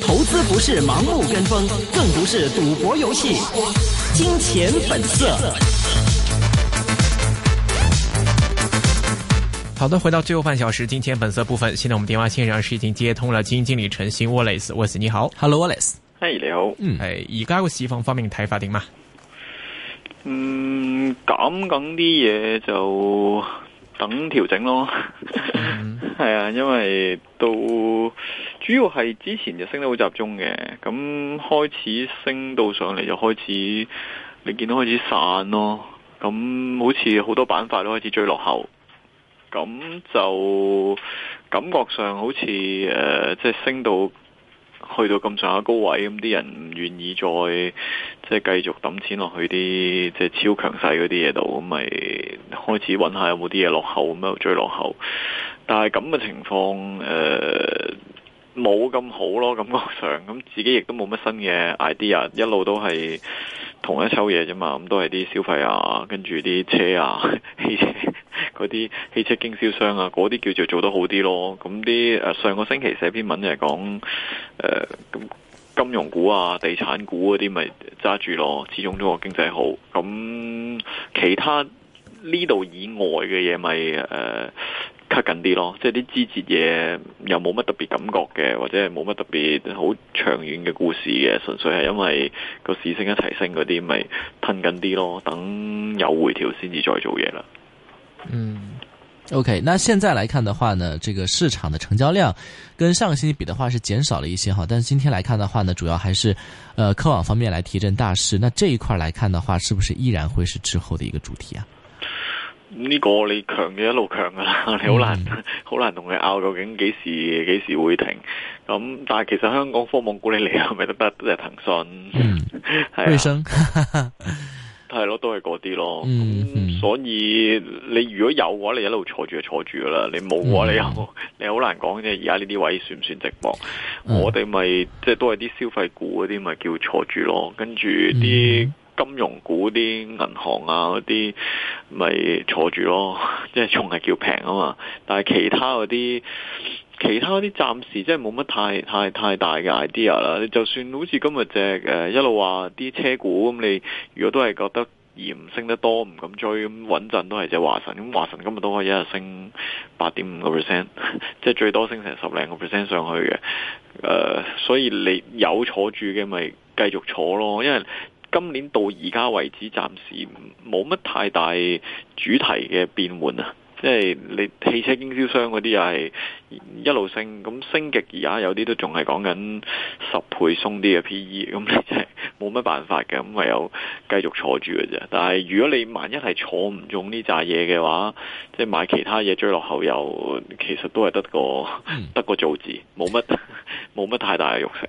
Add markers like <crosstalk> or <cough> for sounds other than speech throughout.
投資不是盲目跟風，更不是賭博遊戲。金錢本色。好的，回到最後半小時金錢本色部分。現在我們電話線上是已經接通了經經理陳昕 <music> 沃雷斯沃斯，你好，Hello，沃斯，嗨，hey, 你好，嗯，哎，依家個西方方面睇法點嘛？嗎嗯，咁緊啲嘢，就等調整咯。嗯係啊，因為到主要係之前就升得好集中嘅，咁開始升到上嚟就開始，你見到開始散咯，咁好似好多板塊都開始追落後，咁就感覺上好似誒，即係升到。去到咁上下高位，咁啲人唔願意再即係、就是、繼續抌錢落去啲即係超強勢嗰啲嘢度，咁咪開始揾下有冇啲嘢落後，咁樣追落後，但係咁嘅情況誒。呃冇咁好咯，感覺上，咁自己亦都冇乜新嘅 idea，一路都係同一抽嘢啫嘛，咁都係啲消費啊，跟住啲車啊，汽車嗰啲汽車經銷商啊，嗰啲叫做做得好啲咯。咁啲誒上個星期寫篇文就係講、呃、金融股啊、地產股嗰啲咪揸住咯，始終中國經濟好，咁其他呢度以外嘅嘢咪誒。呃沽緊啲咯，即係啲枝節嘢又冇乜特別感覺嘅，或者係冇乜特別好長遠嘅故事嘅，純粹係因為個市升一齊升嗰啲咪吞緊啲咯，等有回調先至再做嘢啦。嗯，OK，那現在來看的話呢，這個市場嘅成交量跟上個星期比的話是減少了一些哈，但係今天來看的話呢，主要還是，呃，科網方面來提振大市。那這一塊來看的話，是不是依然會是之後的一個主題啊？.呢個你強嘅一路強噶啦，你好難好、嗯、 <laughs> 難同佢拗究竟幾時幾時會停？咁但係其實香港科網股你嚟都未得得，即係騰訊、微生，係咯，都係嗰啲咯。所以你如果有嘅話你一路坐住就坐住噶啦，你冇嘅話你你好你難講嘅。而家呢啲位算唔算值博？嗯、我哋咪即係都係啲消費股嗰啲咪叫坐住咯，跟住啲、嗯。金融股，啲銀行啊啲，咪坐住咯，即係仲係叫平啊嘛。但係其他嗰啲，其他啲暫時即係冇乜太太太大嘅 idea 啦。你就算好似今日只誒一路話啲車股咁、嗯，你如果都係覺得嫌升得多，唔敢追咁穩陣都係隻華晨。咁、嗯。華晨今日都可以一日升八點五個 percent，即係最多升成十零個 percent 上去嘅。誒、呃，所以你有坐住嘅咪繼續坐咯，因為。今年到而家為止，暫時冇乜太大主題嘅變換啊！即係你汽車經銷商嗰啲又係一路升，咁升極而家有啲都仲係講緊十倍鬆啲嘅 PE，咁你係冇乜辦法嘅，咁唯有繼續坐住嘅啫。但係如果你萬一係坐唔中呢扎嘢嘅話，即係買其他嘢追落後又其實都係得個得個造字，冇乜冇乜太大嘅肉食。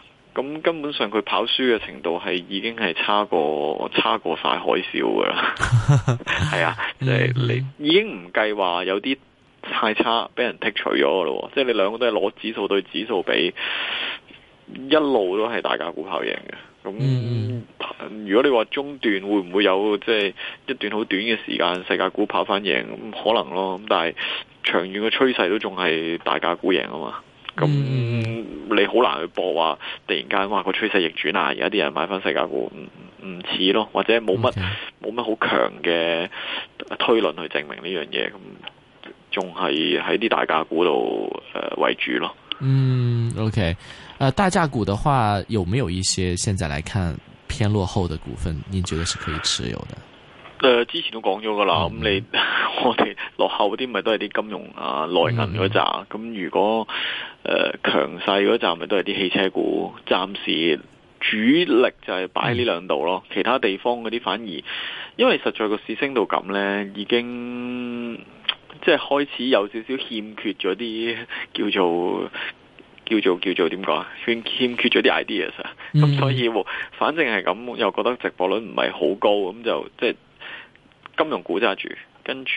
咁根本上佢跑輸嘅程度係已經係差過差過晒海嘯噶啦，係啊，即係 <laughs> 你，你已經唔計話有啲太差，俾人剔除咗噶咯，即係你兩個都係攞指數對指數比，一路都係大價股跑贏嘅。咁，嗯，如果你話中段會唔會有即係一段好短嘅時間，細價股跑翻贏，可能咯。咁但係長遠嘅趨勢都仲係大價股贏啊嘛。咁、嗯、你好難去博話突然間哇，個趨勢逆轉啊！而家啲人買返細價股唔，唔似咯，或者冇乜冇乜好強嘅推論去證明呢樣嘢，咁仲係喺啲大價股度誒為主咯。嗯，OK，誒、呃，大價股的話，有沒有一些現在嚟看偏落後的股份，你覺得是可以持有的？之前都講咗噶啦，咁你、嗯、 <laughs> 我哋落後嗰啲咪都係啲金融啊、啊內銀嗰扎，咁、嗯、如果誒、呃、強勢嗰扎咪都係啲汽車股，暫時主力就係擺呢兩度咯，其他地方嗰啲反而，因為實在個市升到咁呢，已經即係開始有少少欠缺咗啲叫做叫做叫做點講啊，欠缺咗啲 ideas，咁所以反正係咁，又覺得直播率唔係好高，咁就即係。金融股揸住，跟住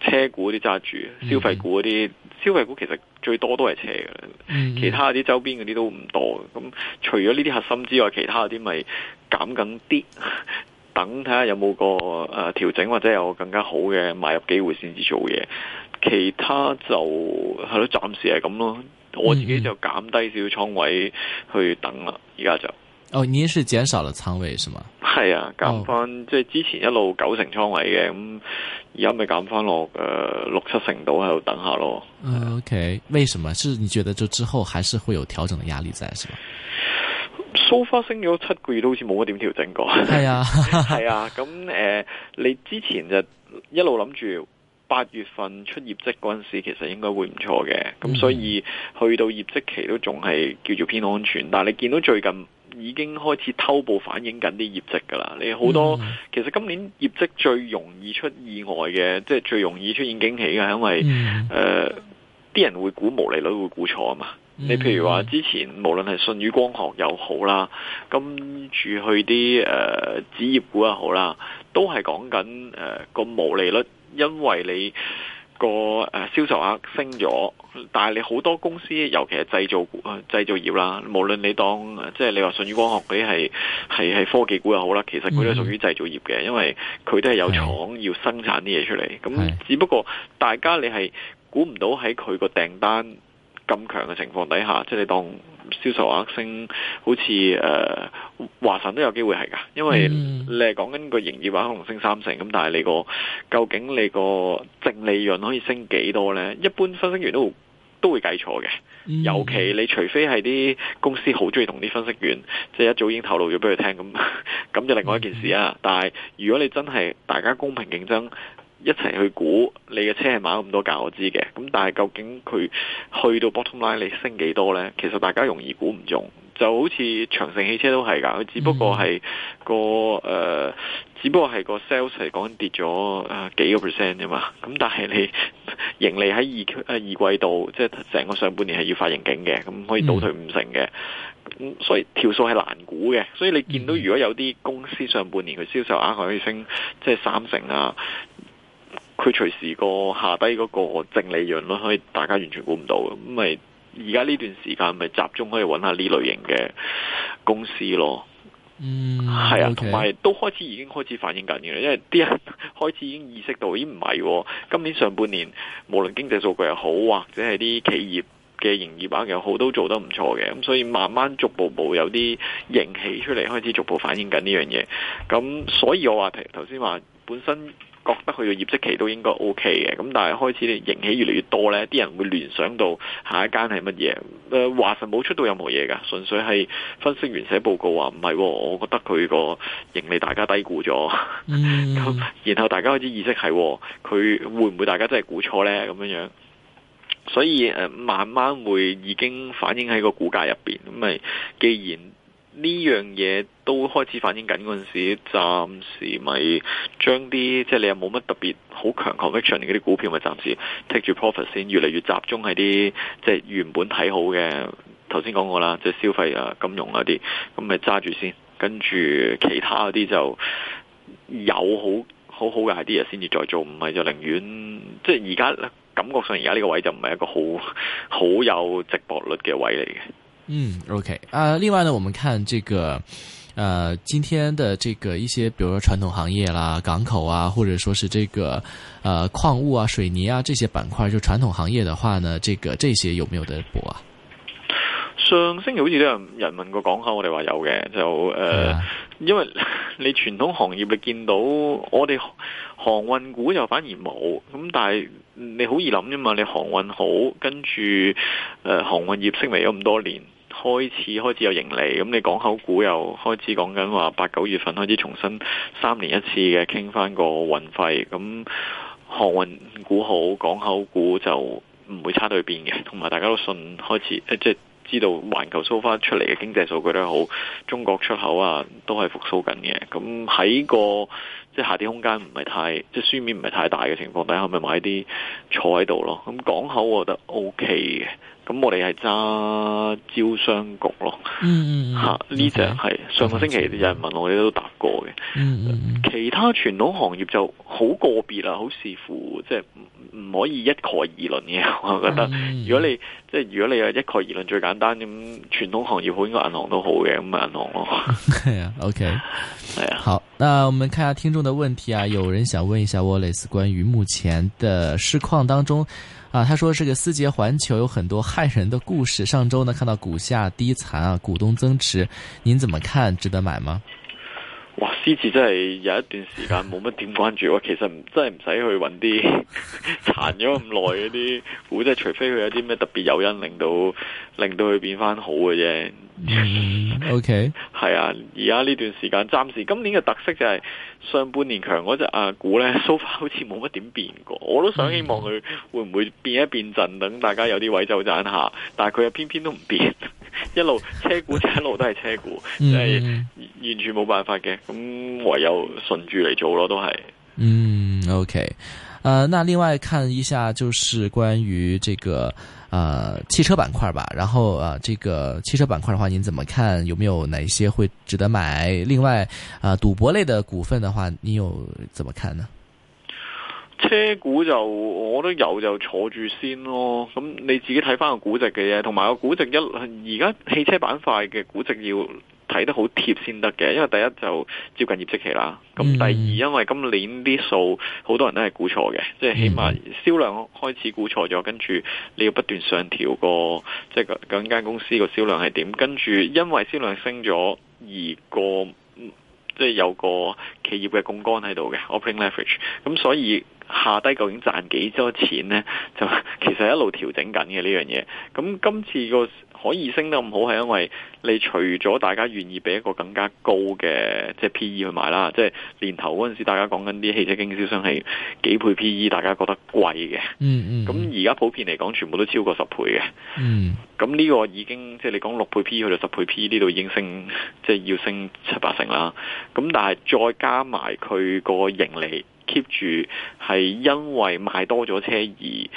車股啲揸住，嗯、消費股嗰啲，嗯、消費股其實最多都係車嘅，嗯、其他啲周邊嗰啲都唔多。咁除咗呢啲核心之外，其他啲咪減緊啲，等睇下有冇個誒、呃、調整或者有更加好嘅買入機會先至做嘢。其他就係咯，暫時係咁咯。我自己就減低少少倉位去等啦，而家就。哦，您、oh, 是減少了倉位是嗎？係啊，減翻、oh. 即係之前一路九成倉位嘅，咁而家咪減翻落誒六七成度喺度等下咯。OK. 為什麼？是你覺得就之後還是會有調整嘅壓力在，是嗎？So far, 升咗七個月都好似冇乜點調整過。係 <laughs> 啊，係啊，咁、呃、誒，你之前就一路諗住八月份出業績嗰陣時，其實應該會唔錯嘅，咁所以去到業績期都仲係叫做偏安全。Mm hmm. 但係你見到最近。已經開始偷步反映緊啲業績㗎啦！你好多、嗯、其實今年業績最容易出意外嘅，即係最容易出現驚喜嘅，因為誒啲、嗯呃、人會估毛利率會估錯啊嘛！嗯、你譬如話之前，無論係信宇光學又好啦，咁住去啲誒、呃、紙業股又好啦，都係講緊誒個毛利率，因為你。個誒銷售額升咗，但係你好多公司，尤其係製造股、呃、製造業啦，無論你當即係你話舜宇光學嗰啲係係係科技股又好啦，其實佢都屬於製造業嘅，因為佢都係有廠要生產啲嘢出嚟。咁只不過大家你係估唔到喺佢個訂單。咁強嘅情況底下，即係當銷售額、啊、升，好似誒華晨都有機會係噶，因為你係講緊個營業額可能升三成，咁但係你個究竟你個淨利潤可以升幾多呢？一般分析員都都會計錯嘅，嗯、尤其你除非係啲公司好中意同啲分析員，即、就、係、是、一早已經透露咗俾佢聽，咁咁 <laughs> 就另外一件事啊。嗯嗯、但係如果你真係大家公平競爭。一齊去估你嘅車係買咁多價，我知嘅。咁但係究竟佢去到 bottom line，你升幾多呢？其實大家容易估唔中，就好似長城汽車都係㗎。佢只不過係個誒、呃，只不過係個 sales 嚟講跌咗誒幾個 percent 啫嘛。咁但係你 <laughs> 盈利喺二誒二季度，即係成個上半年係要發盈警嘅，咁可以倒退五成嘅。咁所以條數係難估嘅。所以你見到如果有啲公司上半年佢銷售額可以升即係三成啊，佢隨時個下低嗰個淨利潤咯，可以大家完全估唔到咁，咪而家呢段時間咪集中可以揾下呢類型嘅公司咯。嗯，係啊，同埋 Okay. 都開始已經開始反映緊嘅，因為啲人開始已經意識到，咦唔係，今年上半年無論經濟數據又好，或者係啲企業嘅營業額又好，都做得唔錯嘅。咁所以慢慢逐步步有啲人氣出嚟，開始逐步反映緊呢樣嘢。咁所以我話題頭先話本身。覺得佢個業績期都應該 O K 嘅，咁但係開始你盈起越嚟越多呢啲人會聯想到下一間係乜嘢？誒、呃，華晨冇出到任何嘢噶？純粹係分析員寫報告話唔係，我覺得佢個盈利大家低估咗。Mm hmm. <laughs> 然後大家開始意識係佢會唔會大家都係估錯呢？咁樣樣，所以誒、呃、慢慢會已經反映喺個股價入邊。咁咪既然。呢樣嘢都開始反映緊嗰陣時，暫時咪將啲即係你有冇乜特別好強 conviction 啲股票咪暫時 take 住 profit 先，越嚟越集中喺啲即係原本睇好嘅頭先講過啦，即係消費啊、金融嗰啲，咁咪揸住先，跟住其他嗰啲就有好好好嘅 idea 先至再做，唔係就寧願即係而家感覺上而家呢個位就唔係一個好好有值博率嘅位嚟嘅。嗯，OK，啊，另外呢，我們看這個，呃，今天的這個一些，比如說傳統行業啦、港口啊，或者說是這個，呃，礦物啊、水泥啊這些板塊，就傳統行業的話呢，這個這些有沒有得博啊？上星期好似都有人問過港口，我哋話有嘅，就誒。呃因為你傳統行業你見到，我哋航運股又反而冇。咁但係你好易諗啫嘛，你航運好，跟住誒航運業蝕嚟咗咁多年，開始開始有盈利，咁你港口股又開始講緊話八九月份開始重新三年一次嘅傾翻個運費，咁航運股好，港口股就唔會差到去邊嘅，同埋大家都信開始、呃、即知道環球 so far 出嚟嘅經濟數據都好，中國出口啊都係復蘇緊嘅。咁喺個即係下跌空間唔係太，即係書面唔係太大嘅情況底下，咪買啲坐喺度咯。咁港口我覺得 OK 嘅。咁我哋係揸招商局咯，吓呢隻係上個星期有人問我哋都答過嘅。嗯嗯、其他傳統行業就好個別啦，好視乎即係唔可以一概而論嘅。我覺得，嗯、如果你即係、就是、如果你係一概而論，最簡單咁，傳統行業好，應該銀行都好嘅，咁銀行咯。OK，係啊，好。那我們看下聽眾嘅問題啊，有人想問一下 Wallace 關於目前嘅市況當中。啊，他說這個思捷環球有很多害人的故事。上周呢，看到股價低殘啊，股東增持，您怎麼看？值得買嗎？哇！獅子真係有一段時間冇乜點關注，其實唔真係唔使去揾啲 <laughs> 殘咗咁耐嗰啲股，即係除非佢有啲咩特別誘因令到令到佢變返好嘅啫。OK，係啊！而家呢段時間暫時今年嘅特色就係、是、上半年強嗰隻啊股呢，So far 好似冇乜點變過。我都想希望佢會唔會變一變一陣，等大家有啲位就賺下。但係佢又偏偏都唔變， <laughs> 一路車股就一路都係車股，即係。完全冇辦法嘅，咁唯有順住嚟做咯，都係。嗯，OK，誒、呃，那另外看一下，就是關於這個誒、呃、汽車板塊吧。然後啊、呃，這個汽車板塊的話，你怎麼看？有沒有哪些會值得買？另外啊，賭、呃、博類的股份的話，你有怎麼看呢？車股就我都有，就坐住先咯。咁你自己睇翻個估值嘅嘢，同埋個估值一而家汽車板塊嘅估值要。睇得好貼先得嘅，因為第一就接近業績期啦。咁、嗯、第二，因為今年啲數好多人都係估錯嘅，嗯、即係起碼銷量開始估錯咗，跟住你要不斷上調個即係嗰間公司個銷量係點，跟住因為銷量升咗而個即係有個企業嘅槓桿喺度嘅 Operating Leverage，咁所以下低究竟賺幾多錢呢？就其實一路調整緊嘅呢樣嘢。咁今次個。可以升得咁好係因為你除咗大家願意俾一個更加高嘅即係 P/E 去買啦，即係年頭嗰陣時大家講緊啲汽車經銷商係幾倍 P/E，大家覺得貴嘅、嗯。嗯嗯，咁而家普遍嚟講，全部都超過十倍嘅。嗯，咁呢個已經即係你講六倍 P/E 去到十倍 P/E，呢度已經升即係要升七八成啦。咁但係再加埋佢個盈利。keep 住係因為買多咗車而誒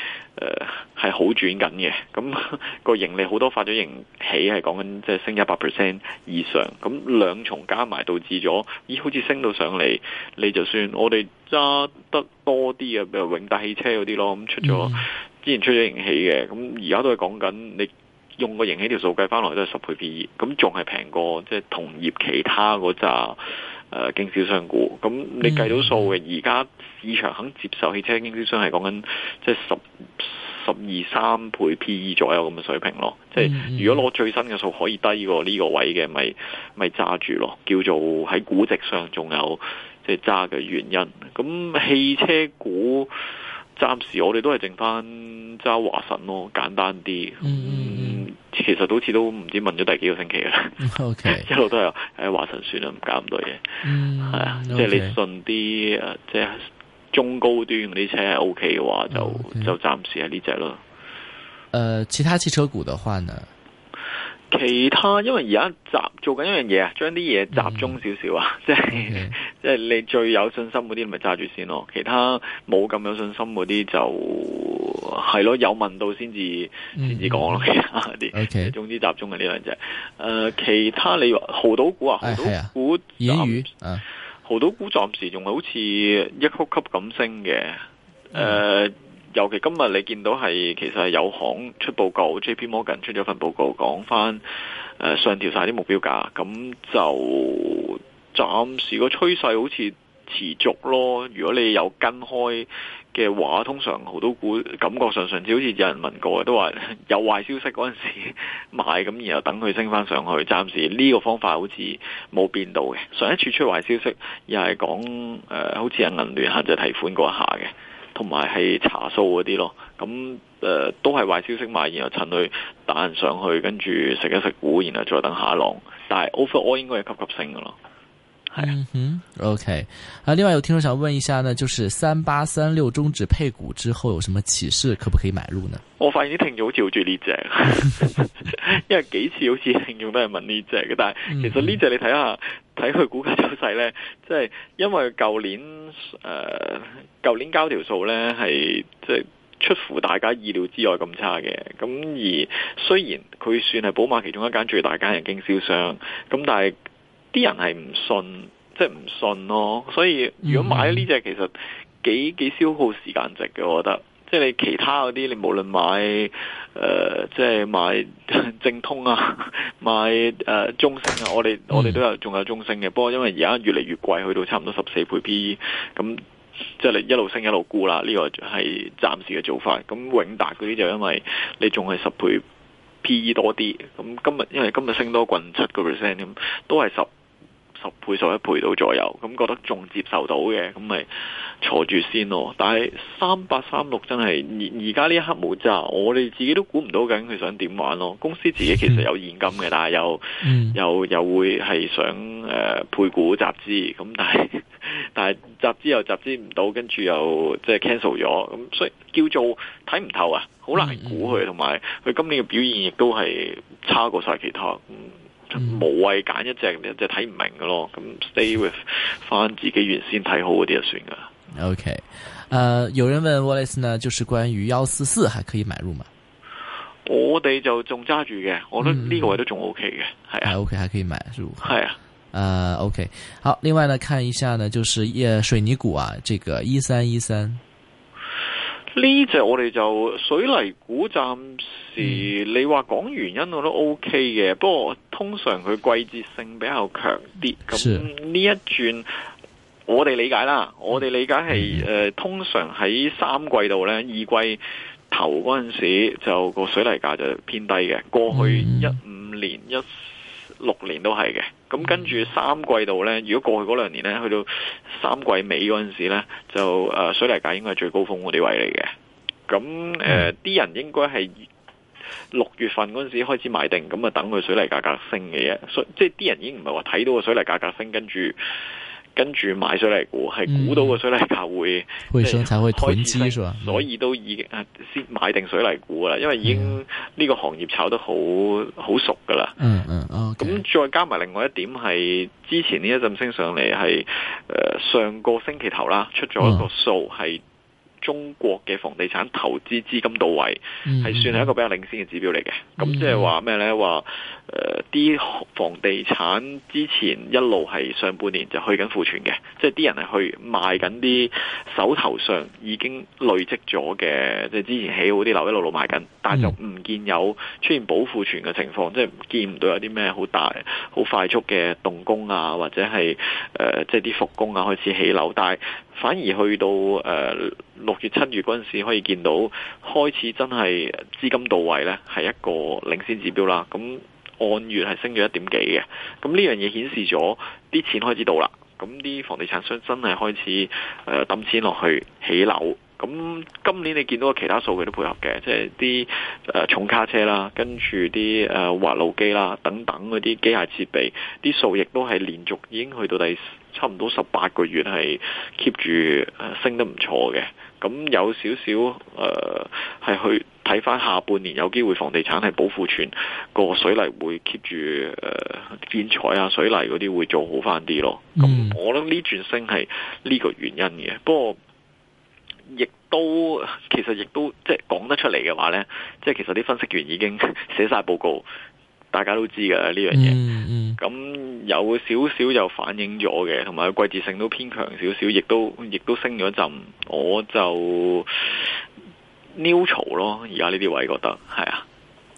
係好轉緊嘅。咁、嗯那個盈利好多發咗盈喜，係講緊即係升一百 percent 以上，咁兩重加埋導致咗咦好似升到上嚟。你就算我哋揸得多啲呀，比如永達汽車嗰啲咯，咁出咗、mm. 之前出咗盈喜嘅，咁而家都係講緊你用個盈喜條數計翻來都係十倍 P E，咁仲係平過即係、就是、同業其他嗰扎。誒，uh, 經銷商股，咁你計到數嘅，而家、mm hmm. 市場肯接受汽車經銷商係講緊即係十十二三倍 PE 左右咁嘅水平咯，即係、mm hmm. 如果攞最新嘅數可以低過呢個位嘅，咪咪揸住咯，叫做喺估值上仲有即係揸嘅原因。咁汽車股暫時我哋都係剩翻揸華晨咯，簡單啲。Mm hmm. 其實都好似都唔知問咗第幾個星期啦 <laughs> Okay.，一路都係誒華晨算啦，唔搞咁多嘢，係、嗯、啊，Okay. 即係你信啲誒，即係中高端嗰啲車係 O K 嘅話，就 Okay. 就暫時係呢隻咯。誒，uh, 其他汽車股嘅話呢？其他因為而家集做緊一樣嘢、嗯、啊，將啲嘢集中少少啊，Okay. 即係即係你最有信心嗰啲，咪揸住先咯。其他冇咁有,有信心嗰啲就。係咯，有問到先至先至講咯，其他啲。OK，總之集中係呢兩隻。誒、呃，其他你話濠賭股、哎、啊，濠賭股，股暫時仲好似一級級咁升嘅。誒、呃，尤其今日你見到係其實係有行出報告，J P Morgan 出咗份報告講返誒上調晒啲目標價，咁就暫時個趨勢好似，持續咯，如果你有跟開嘅話，通常好多股感覺上上次好似有人問過，都話有壞消息嗰陣時買，咁然後等佢升返上去。暫時呢個方法好似冇變到嘅。上一次出壞消息又係講誒，好似係銀聯限制提款嗰一下嘅，同埋係查數嗰啲咯。咁、嗯、誒、呃、都係壞消息買，然後趁佢彈上去，跟住食一食股，然後再等下一浪。但係 overall 應該係急急升㗎咯。嗯哼、mm hmm，OK。啊，另外有聽眾想問一下呢，就是三八三六終止配股之後有什麼啟示，可不可以買入呢？我發現啲聽眾好似好中意呢隻， <laughs> <laughs> 因為幾次好似聽眾都係問呢隻嘅，但係其實呢隻你睇下，睇佢、mm hmm. 股價走勢呢，即、就、係、是、因為舊年誒，舊、呃、年交條數呢，係即係出乎大家意料之外咁差嘅。咁而雖然佢算係寶馬其中一間最大間嘅經銷商，咁但係，啲人係唔信，即係唔信咯。所以如果買呢隻，其實幾幾消耗時間值嘅，我覺得。即係你其他嗰啲，你無論買誒、呃，即係買正通啊，買誒、呃、中升啊，我哋我哋都有仲有中升嘅。不過因為而家越嚟越貴，去到差唔多十四倍 PE，咁即係你一路升一路沽啦。呢、呢個係暫時嘅做法。咁永達嗰啲就因為你仲係十倍 PE 多啲。咁今日因為今日升多近七個 percent，咁都係十。十倍、十一倍到左右，咁覺得仲接受到嘅，咁咪坐住先咯。但係三八三六真係，而而家呢一刻冇揸，我哋自己都估唔到究竟佢想點玩咯。公司自己其實有現金嘅。嗯、但係又、嗯、又又會係想誒、呃、配股集資，咁但係但係集資又集資唔到，跟住又即係 cancel 咗，咁所以叫做睇唔透啊，好難估佢，同埋佢今年嘅表現亦都係差過晒其他。嗯嗯、無謂揀一隻，就睇唔明嘅咯。咁 stay with 翻自己原先睇好嗰啲就算噶啦。OK，誒、呃，有人問 Wallace 呢，就是關於一四四還可以買入嗎？我哋就仲揸住嘅，我覺得呢個位都仲 OK 嘅，係啊，啊，OK 還可以買入，係啊，誒、啊，OK，好，另外呢，看一下呢，就是誒水泥股啊，這個一三一三。呢隻我哋就水泥股，暫時、嗯、你話講原因我都 OK 嘅。不過通常佢季節性比較強啲，咁呢一轉是我哋理解啦，我哋理解係誒是、呃，通常喺三季度呢，二季頭嗰陣時就個水泥價就偏低嘅。過去、嗯、一五年一六年都係嘅，咁跟住三季度呢，如果過去嗰兩年呢，去到三季尾嗰陣時呢，就誒、呃、水泥價應該係最高峰嗰啲位嚟嘅，咁誒啲人應該係六月份嗰陣時開始買定，咁啊等佢水泥價格升嘅啫，所以即係啲人已經唔係話睇到個水泥價格升，跟住。跟住買水泥股，係估到個水泥價會開始升，所以都已經，先買定水泥股啦，因為已經呢個行業炒得好好熟噶啦、嗯。嗯嗯。咁、okay. 再加埋另外一點係，之前呢一陣升上嚟係，誒上個星期頭啦，出咗一個數係中國嘅房地產投資資金到位，係算係一個比較領先嘅指標嚟嘅。咁即係話咩呢？話誒啲、呃、房地產之前一路係上半年就去緊庫存嘅，即係啲人係去賣緊啲手頭上已經累積咗嘅，即係之前起好啲樓一路路賣緊，但係就唔見有出現保庫存嘅情況，即係見唔到有啲咩好大好快速嘅動工啊，或者係誒、呃、即係啲復工啊開始起樓，但係反而去到誒六月、呃、七月嗰陣時，可以見到開始真係資金到位呢，係一個領先指標啦。咁、嗯按月係升咗一點幾嘅，咁呢樣嘢顯示咗啲錢開始到啦，咁啲房地產商真係開始誒揼呃錢落去起樓。咁今年你見到其他數據都配合嘅，即係啲誒重卡車啦，跟住啲誒滑路機啦，等等嗰啲機械設備，啲數亦都係連續已經去到第差唔多十八個月係 keep 住升得唔錯嘅。咁有少少誒係去睇翻下半年有機會房地產係保庫存，個水泥會 keep 住誒建材啊水泥嗰啲會做好翻啲咯。咁我諗呢轉升係呢個原因嘅，不過，亦都其實亦都即係講得出嚟嘅話呢，即係其實啲分析員已經寫晒報告，大家都知㗎喇，呢、mm hmm. 樣嘢。咁有少少又反映咗嘅，同埋季節性都偏強少少，亦都亦都升咗一陣。我就 neutral 咯，而家呢啲位覺得係啊。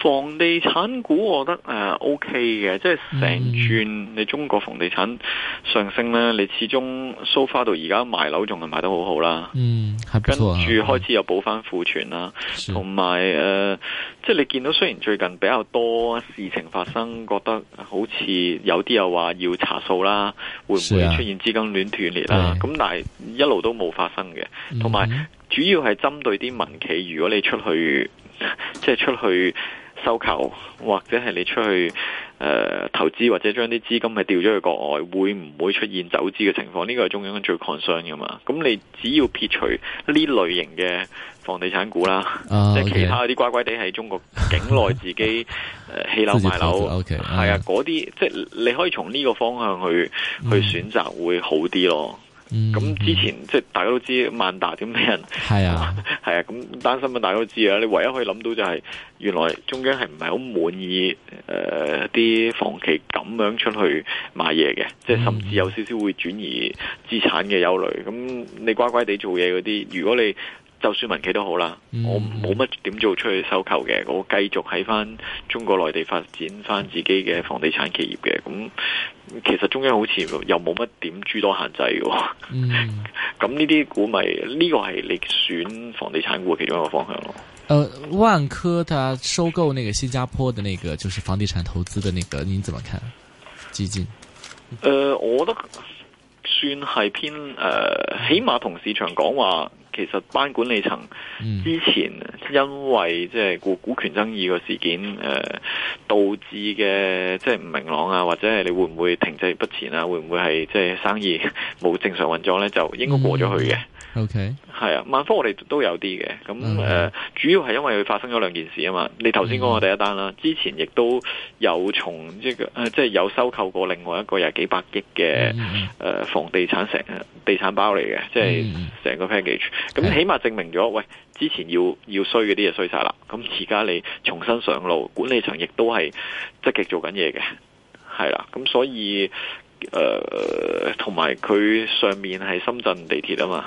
房地產股我覺得誒 O K 嘅，即係成轉你中國房地產上升咧，你始終 so far 到而家賣樓仲係賣得好好啦。嗯，啊、跟住開始又補翻庫存啦，同埋誒，即係你見到雖然最近比較多事情發生，覺得好似有啲又話要查數啦，會唔會出現資金鏈斷裂啦？咁、啊、但係一路都冇發生嘅，同埋、嗯、主要係針對啲民企，如果你出去即係 <laughs> 出去。收購或者係你出去誒、呃、投資或者將啲資金係調咗去國外，會唔會出現走資嘅情況？呢個係中央最 concern 嘅嘛。咁你只要撇除呢類型嘅房地產股啦，即係、uh, okay. 其他嗰啲乖乖地喺中國境內自己起樓賣樓，係 <laughs> 啊嗰啲，即係 Okay .、uh, 就是、你可以從呢個方向去、um. 去選擇會好啲咯。咁、嗯嗯、之前即係大家都知，萬達點咩人係啊係啊，咁、 <laughs> 啊、單新聞大家都知啊。你唯一可以諗到就係、是、原來中央係唔係好滿意誒啲、呃、房企咁樣出去買嘢嘅，嗯、即係甚至有少少會轉移資產嘅憂慮。咁你乖乖地做嘢嗰啲，如果你，就算民企都好啦，嗯、我冇乜點做出去收購嘅，我繼續喺翻中國內地發展翻自己嘅房地產企業嘅。咁其實中央好似又冇乜點諸多限制嘅。咁呢啲股咪，呢、呢個係你選房地產股其中一個方向咯。誒、呃，萬科，佢收購那個新加坡的那個就是房地產投資的那個，您怎麼看？基金？誒、呃，我覺得算係偏誒、呃，起碼同市場講話。其實班管理層之前因為即係股股權爭議個事件，誒、呃、導致嘅即係唔明朗啊，或者係你會唔會停滯不前啊？會唔會係即係生意冇正常運作呢？就應該過咗去嘅、嗯。OK。係啊，萬科我哋都有啲嘅，咁誒主要係因為佢發生咗兩件事啊嘛。你頭先講嘅第一單啦，之前亦都有從即係即係有收購過另外一個又係幾百億嘅誒房地產成地產包嚟嘅，即係成個 package。咁起碼證明咗，喂，之前要要衰嗰啲嘢衰晒啦。咁而家你重新上路，管理層亦都係積極做緊嘢嘅，係啦。咁所以誒同埋佢上面係深圳地鐵啊嘛。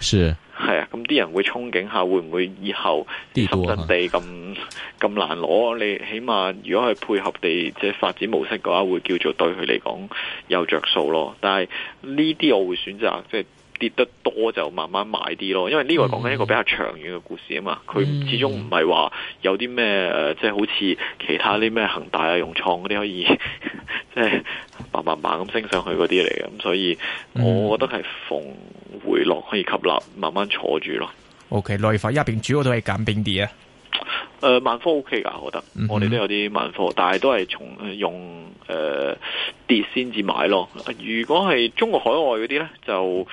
是，係啊，咁啲人會憧憬下，會唔會以後啲深圳地咁咁難攞？你起碼如果係配合地即係發展模式嘅話，會叫做對佢嚟講有着數咯。但係呢啲我會選擇即係跌得多就慢慢買啲咯，因為呢個講緊一個比較長遠嘅故事啊嘛。佢始終唔係話有啲咩誒，即係好似其他啲咩恒大啊、融創嗰啲可以 <laughs> 即係麻麻猛咁升上去嗰啲嚟嘅。咁所以我覺得係逢。回落可以吸納，慢慢坐住咯。O K，內發一邊主要都係揀邊啲啊？誒、呃，萬科 O K 噶，我覺得，嗯、哼我哋都有啲萬科，但係都係從用誒、呃、跌先至買咯。如果係中國海外嗰啲咧，就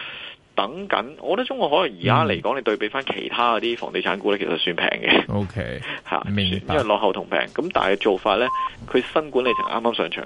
等緊。我覺得中國海外而家嚟講，嗯、你對比翻其他嗰啲房地產股咧，其實算平嘅。O K，吓，明白，因為落後同平。咁但係做法咧，佢新管理層啱啱上場。